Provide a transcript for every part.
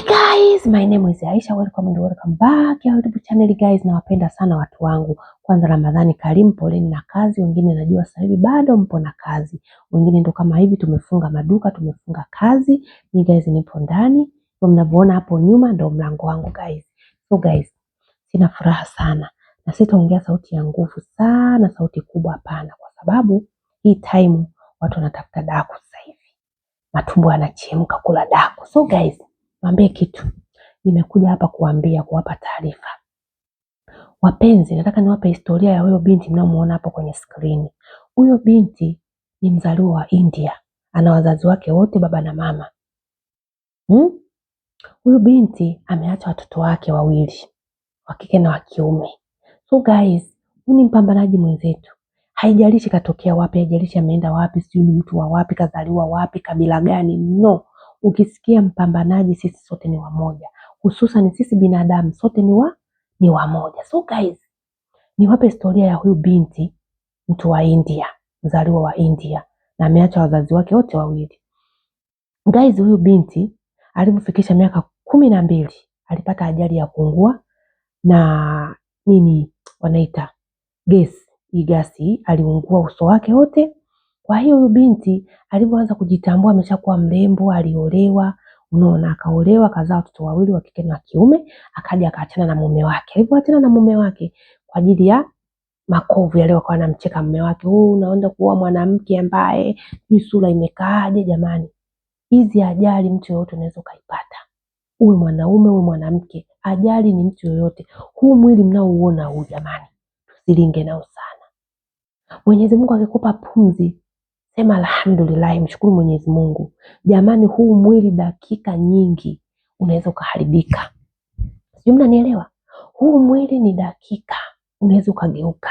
Hi guys, my name is Aisha. Welcome and welcome back to YouTube channel guys. Nawapenda sana watu wangu. Kwanza Ramadhani karimu, poleni na kazi. Wengine najua sasa hivi bado mpo na kazi, wengine ndo kama hivi tumefunga maduka, tumefunga kazi. Ni guys, nipo ndani, ndio mnavyoona hapo nyuma, ndio mlango wangu guys. So guys, sina furaha sana na sitaongea sauti ya nguvu sana, sauti kubwa, hapana, kwa sababu hii time watu wanatafuta daku sasa hivi, matumbo yanachemka kula daku. So guys Mwambie kitu. Nimekuja hapa kuambia, kuwapa taarifa. Wapenzi, nataka niwape historia ya huyo binti mnaomuona hapo kwenye skrini. Huyo binti ni mzaliwa wa India, ana wazazi wake wote, baba na mama. Huyu hmm? binti ameacha watoto wake wawili, wa kike na wa kiume. So guys, huyu ni mpambanaji mwenzetu. Haijalishi katokea wapi, haijalishi ameenda wapi, sijui ni mtu wa wapi, kazaliwa wapi, kabila gani, no. Ukisikia mpambanaji, sisi sote ni wamoja, hususan sisi binadamu sote ni wa ni wamoja. So guys, niwape historia ya huyu binti, mtu wa India, mzaliwa wa India na ameacha wazazi wake wote wawili. Guys, huyu binti alipofikisha miaka kumi na mbili alipata ajali ya kuungua na nini wanaita gesi, hii gasi aliungua uso wake wote kwa hiyo huyu binti alivyoanza kujitambua ameshakuwa mrembo, aliolewa, unaona akaolewa, akazaa watoto wawili wa kike na kiume, akaja akaachana na mume wake. Alipoachana na mume wake kwa ajili ya makovu yale wakawa anamcheka mume wake, huu oh, unaenda kuoa mwanamke ambaye ni sura imekaaje jamani? Hizi ajali mtu yoyote unaweza ukaipata, uwe mwanaume uwe mwanamke, ajali ni mtu yoyote. Huu mwili mnaouona huu jamani, tusilinge nao sana. Mwenyezi Mungu akikupa pumzi Sema alhamdulilahi, mshukuru Mwenyezi Mungu. Jamani, huu mwili dakika nyingi unaweza ukaharibika, sijui mnanielewa. Huu mwili ni dakika, unaweza ukageuka,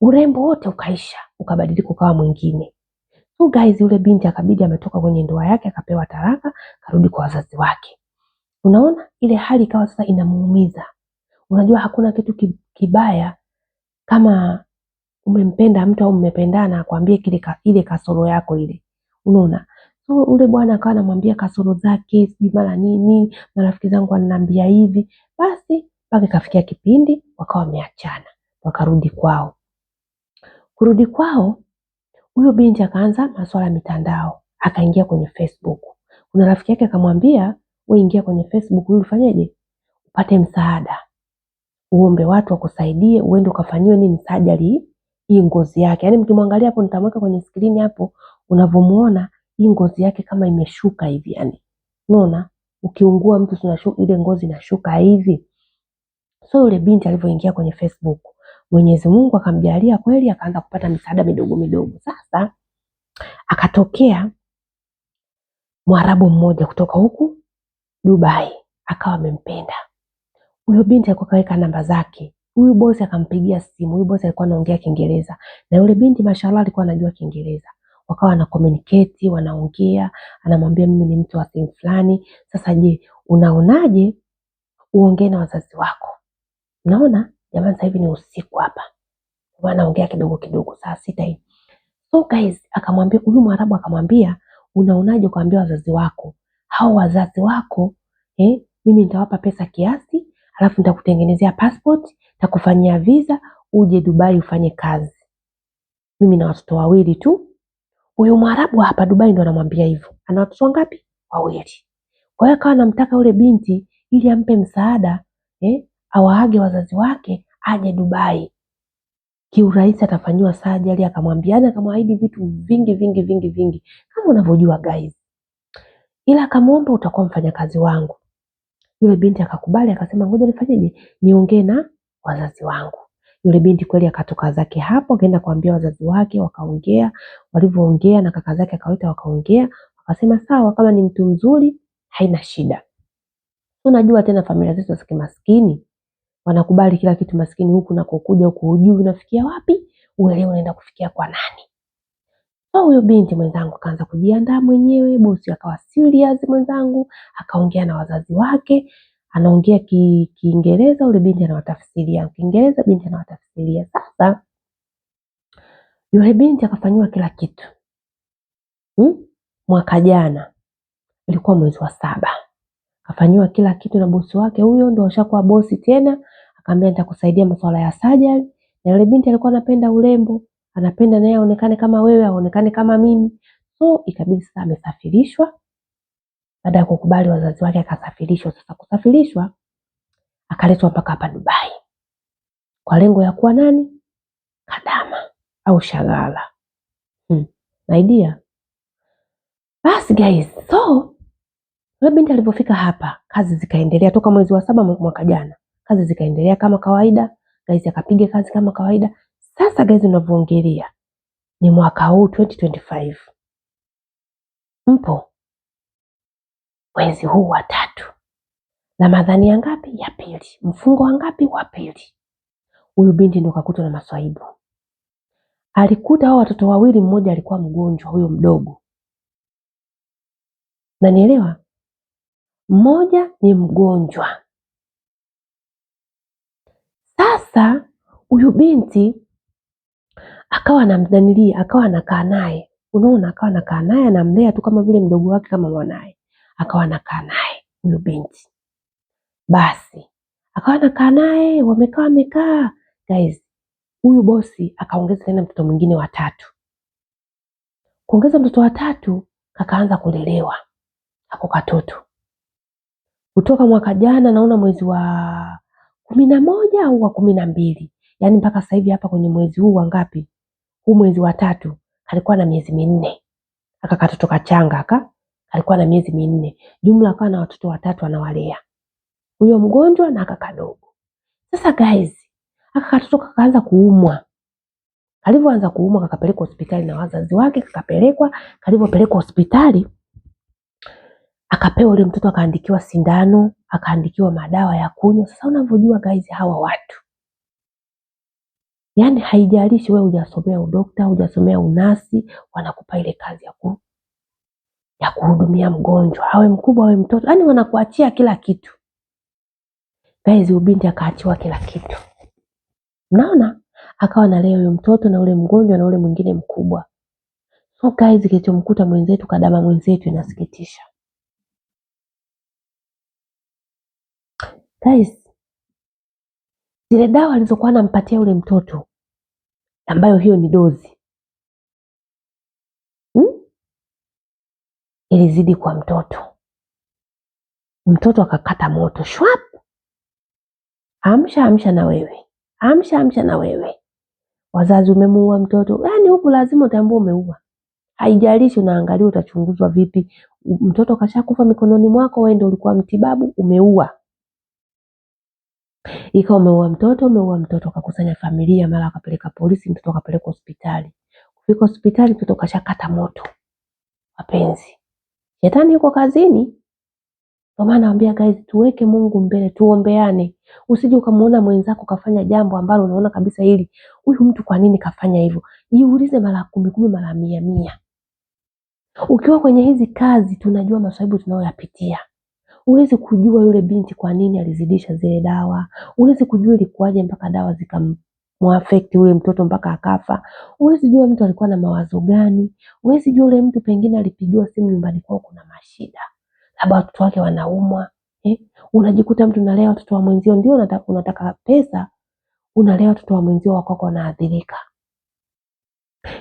urembo wote ukaisha, ukabadilika ukawa mwingine. So guys, yule binti akabidi ametoka kwenye ndoa yake, akapewa talaka, karudi kwa wazazi wake. Unaona ile hali ikawa sasa inamuumiza. Unajua hakuna kitu kibaya kama umempenda mtu au mmependana, akwambie kile ka, ile kasoro yako ile, unaona. So ule bwana akawa anamwambia kasoro zake, sijui mara nini, marafiki zangu ananiambia hivi. Basi mpaka ikafikia kipindi wakawa wameachana, wakarudi kwao. Kurudi kwao, huyo binti akaanza masuala ya mitandao, akaingia kwenye Facebook. Kuna rafiki yake akamwambia, wewe ingia kwenye Facebook ili ufanyeje, upate msaada, uombe watu wakusaidie, uende ukafanyiwe nini, sajali hii ngozi yake. Yaani mkimwangalia hapo nitamweka kwenye skrini hapo unavomuona hii ngozi yake kama imeshuka hivi yani. Unaona? Ukiungua mtu tunashuka ile ngozi inashuka hivi. So yule binti alivyoingia kwenye Facebook, Mwenyezi Mungu akamjalia kweli akaanza kupata misaada midogo midogo. Sasa akatokea Mwarabu mmoja kutoka huku Dubai akawa amempenda. Huyo binti alikuwa namba zake Huyu bosi akampigia simu, huyu bosi alikuwa anaongea Kiingereza na yule binti mashallah alikuwa anajua Kiingereza. Wakawa na communicate, wanaongea, anamwambia mimi ni mtu wa sehemu fulani. Sasa je, unaonaje uongee na wazazi wako? Naona jamani sasa hivi ni usiku hapa. Wanaongea kidogo kidogo saa sita hii. So guys, akamwambia huyu Mwarabu akamwambia, unaonaje kuambia wazazi wako? Hao wazazi wako eh, mimi nitawapa pesa kiasi alafu nitakutengenezea passport, nitakufanyia visa uje Dubai ufanye kazi. Mimi na watoto wawili tu. Huyu Mwarabu hapa Dubai ndo anamwambia hivyo. Ana watoto wangapi? Wawili. Kwa hiyo akawa anamtaka yule binti ili ampe msaada eh, awaage wazazi wake aje Dubai kiurahisi, atafanyiwa sajali, akamwambiana, yaani akamwahidi vitu vingi vingi vingi vingi kama unavyojua guys, ila akamwomba utakuwa mfanyakazi wangu. Yule binti akakubali akasema, ngoja nifanyeje, niongee na wazazi wangu. Yule binti kweli akatoka zake hapo, akaenda kuambia wazazi wake, wakaongea. Walivyoongea na kaka zake akawaita, wakaongea, wakasema sawa, kama ni mtu mzuri haina shida. Unajua tena familia zetu za kimaskini wanakubali kila kitu, maskini huku nakokuja huku hujui unafikia wapi, uelewe unaenda kufikia kwa nani. Kwa huyo binti mwenzangu akaanza kujiandaa mwenyewe, bosi akawa serious mwenzangu, akaongea na wazazi wake, anaongea Kiingereza, ki yule binti anawatafsiria Kiingereza, binti anawatafsiria. Sasa yule binti akafanyiwa kila kitu hmm? Mwaka jana ilikuwa mwezi wa saba, akafanyiwa kila kitu na bosi wake huyo, ndo ashakuwa bosi tena, akaambia nitakusaidia masuala ya sajari, na yule binti alikuwa anapenda urembo anapenda naye aonekane kama wewe, aonekane kama mimi. So ikabidi sasa amesafirishwa. Baada ya kukubali wazazi wake, akasafirishwa. Sasa kusafirishwa, akaletwa mpaka hapa Dubai kwa lengo ya kuwa nani, kadama au shagala hmm. My dear basi guys, so yule binti alipofika hapa, kazi zikaendelea toka mwezi wa saba mwaka jana, kazi zikaendelea kama kawaida guys, akapiga kazi kama kawaida. Sasa guys, unavyoongelea ni mwaka huu 2025 mpo mwezi huu wa tatu, Ramadhani ya ngapi? Ya pili. Mfungo wa ngapi? Wa pili. Huyu binti ndo kakutwa na maswaibu. Alikuta hao watoto wawili, mmoja alikuwa mgonjwa, huyo mdogo, na nielewa, mmoja ni mgonjwa. Sasa huyu binti akawa anamdhamiria, akawa anakaa naye. Unaona, akawa anakaa naye, anamlea tu kama vile mdogo wake, kama mwanaye, akawa anakaa naye huyo binti. Basi akawa anakaa naye, wamekaa wamekaa, guys, huyu bosi akaongeza tena mtoto mwingine watatu. Kuongeza mtoto watatu, kakaanza kulelewa ako katoto kutoka mwaka jana, naona mwezi wa kumi na moja au wa kumi na mbili, yaani mpaka sasa hivi hapa kwenye mwezi huu wa ngapi, huu mwezi wa tatu alikuwa na miezi minne, aka katoto kachanga aka alikuwa na miezi minne, jumla akawa na watoto watatu anawalea huyo mgonjwa na aka kadogo. Sasa guys, aka katoto kaanza kuumwa. Alivyoanza kuumwa kakapelekwa hospitali na wazazi wake, kakapelekwa. Kalivyopelekwa hospitali, akapewa ule mtoto, akaandikiwa sindano, akaandikiwa madawa ya kunywa. Sasa unavyojua guys, hawa watu Yaani haijalishi wewe hujasomea udokta, hujasomea unasi, wanakupa ile kazi ya ku ya kuhudumia mgonjwa, awe mkubwa awe mtoto, yaani wanakuachia kila kitu. Guys, ubinti akaachiwa kila kitu, mnaona, akawa nalea huyo mtoto na ule mgonjwa na ule mwingine mkubwa. So guys, kilichomkuta mwenzetu kadama mwenzetu inasikitisha guys. Zile dawa alizokuwa anampatia ule mtoto ambayo hiyo ni dozi hmm? Ilizidi kwa mtoto, mtoto akakata moto shwap. Amsha amsha na wewe, amsha amsha na wewe. Wazazi umemuua mtoto, yaani huku lazima utambue umeua. Haijalishi unaangalia utachunguzwa vipi, mtoto kashakufa mikononi mwako, wewe ndio ulikuwa mtibabu, umeua ikawa umeua mtoto, umeua mtoto, ukakusanya familia, mara akapeleka polisi, mtoto akapelekwa hospitali. Kufika hospitali, mtoto kashakata moto. Wapenzi, shetani yuko kazini. Ndio maana naambia guys, tuweke Mungu mbele, tuombeane. Usije ukamuona mwenzako kafanya jambo ambalo unaona kabisa hili, huyu mtu kwa nini kafanya hivyo? Jiulize mara kumi kumi, mara mia mia. Ukiwa kwenye hizi kazi, tunajua masaibu tunayoyapitia. Huwezi kujua yule binti kwa nini alizidisha zile dawa, huwezi kujua ilikuwaje mpaka dawa zikam muafekti yule mtoto mpaka akafa. Huwezi jua mtu alikuwa na mawazo gani, huwezi jua yule mtu pengine alipigiwa simu nyumbani kwao kuna mashida, labda watoto wake wanaumwa eh? Unajikuta mtu unalea watoto wa mwenzio, ndio unataka, unataka pesa, unalea watoto wa mwenzio, wa kwa wanaadhirika.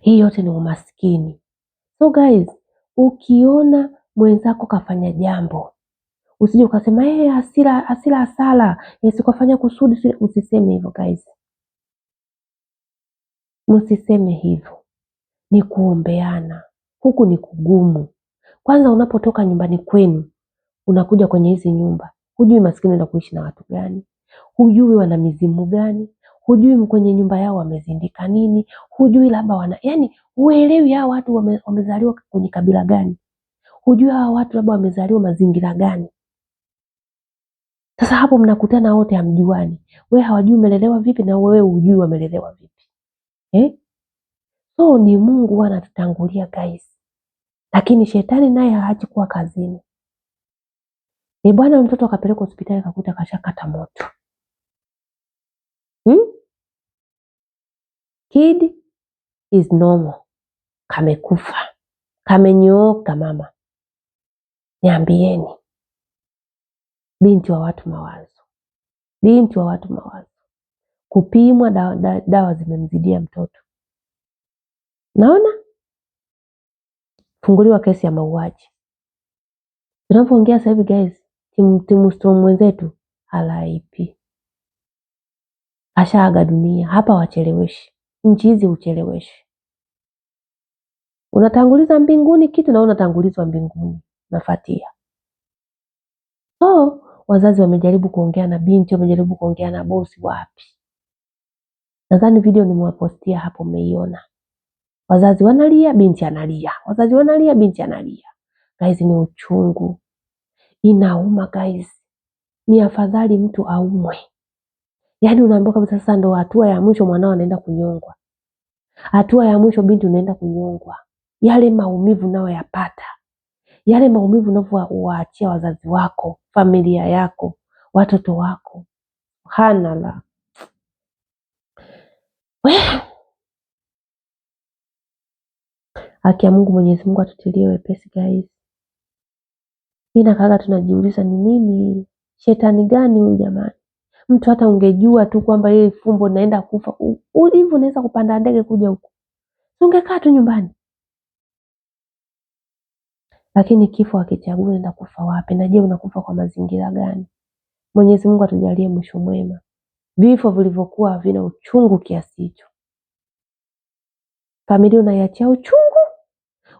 Hii yote ni umaskini. So guys, ukiona mwenzako kafanya jambo usije ukasema hey, eh, hasira hasira hasara, yes, kusudi. Usiseme hivyo guys. Msiseme hivyo, ni kuombeana. Huku ni kugumu. Kwanza unapotoka nyumbani kwenu, unakuja kwenye hizi nyumba, hujui maskini enda kuishi na watu gani, hujui wana mizimu gani, hujui kwenye nyumba yao wamezindika nini, hujui labda wana yani, huelewi hawa watu wame, wamezaliwa kwenye kabila gani, hujui hawa watu labda wamezaliwa mazingira gani. Sasa hapo mnakutana wote hamjuani, we hawajui umelelewa vipi na wewe hujui wamelelewa vipi eh? So ni Mungu anatutangulia guys, lakini shetani naye haachi kuwa kazini. Ni bwana mtoto akapelekwa hospitali akakuta kashakata moto hmm? Kid is normal, kamekufa kamenyooka. Mama niambieni, binti wa watu mawazo, binti wa watu mawazo kupimwa dawa, dawa zimemzidia mtoto. Naona funguliwa kesi ya mauaji. Tunapoongea sasa hivi guys, Timothy Storm wenzetu alaipi ashaaga dunia. Hapa wacheleweshi, nchi hizi ucheleweshi. Unatanguliza mbinguni kitu na unatangulizwa mbinguni nafatia. So wazazi wamejaribu kuongea na binti, wamejaribu kuongea na bosi, wapi Nadhani video nimewapostia hapo, mmeiona. Wazazi wanalia, binti analia, wazazi wanalia, binti analia. Guys, ni uchungu, inauma guys. Ni afadhali mtu aumwe, yaani unaambiwa kabisa sasa ndo hatua ya mwisho, mwanao anaenda kunyongwa. Hatua ya mwisho, binti unaenda kunyongwa. Yale maumivu unayoyapata, yale maumivu unavyowaachia wazazi wako, familia yako, watoto wako, hana la haki ya Mungu Mwenyezi Mungu atutilie wepesi guys. Mimi kaka tunajiuliza ni nini shetani gani huyu jamani? Mtu hata ungejua tu kwamba yeye fumbo naenda kufa hivi, unaweza kupanda ndege kuja huko, ungekaa tu nyumbani. Lakini kifo akichagua, unaenda kufa wapi, na je, unakufa kwa mazingira gani? Mwenyezi Mungu atujalie mwisho mwema vifo vilivyokuwa havina uchungu kiasi hicho. Familia unaiachia uchungu,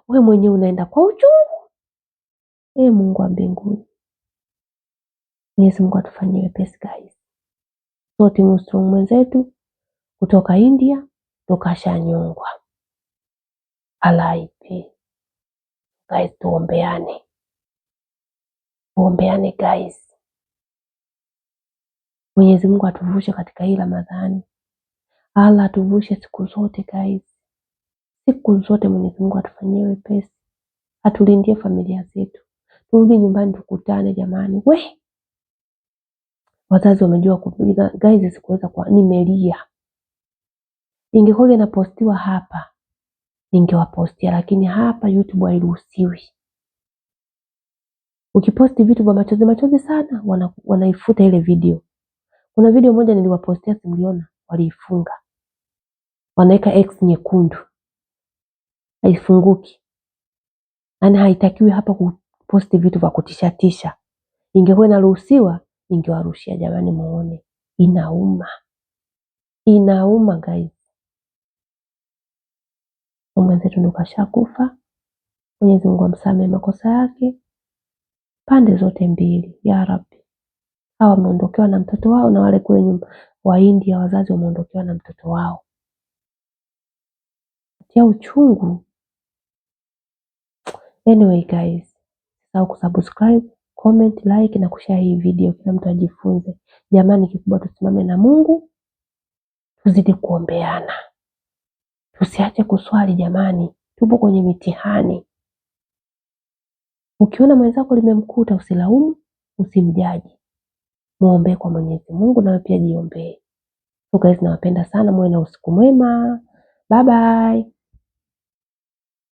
we mwenyewe unaenda kwa uchungu. E Mungu wa mbinguni, Mwenyezi Mungu atufanyie wepesi guys. So Timu Strong mwenzetu kutoka India tukashanyungwa alaipi guys, tuombeane, tuombeane guys Mwenyezi Mungu atuvushe katika hii Ramadhani. Allah atuvushe siku zote guys. Siku zote Mwenyezi Mungu atufanyie wepesi, atulindie familia zetu, turudi nyumbani tukutane jamani. We wazazi wamejua kupiga guys, sikuweza kwa, nimelia. na postiwa hapa ningewapostia, lakini hapa YouTube hairuhusiwi. Ukiposti vitu vya machozi machozi sana, wanaifuta wana ile video kuna video moja niliwapostia, simliona, waliifunga wanaweka X nyekundu haifunguki, yaani haitakiwi hapa kuposti vitu vya kutishatisha. Ingekuwa inaruhusiwa ningewarushia jamani, muone. Inauma, inauma guys, mwenzetu kashakufa, Mwenyezi Mungu amsamehe makosa yake pande zote mbili, ya Rabbi hawa wameondokewa na mtoto wao na wale kule nyuma wa India wazazi wameondokewa na mtoto wao. Kutia uchungu. Anyway guys, usisahau kusubscribe, comment, like na kushare hii video kila mtu ajifunze. Jamani kikubwa tusimame na Mungu tuzidi kuombeana. Tusiache kuswali jamani. Tupo kwenye mitihani. Ukiona mwenzako limemkuta usilaumu, usimjaji muombe kwa Mwenyezi Mungu na pia jiombee. So guys, nawapenda sana, muwe na usiku mwema. Bye bye.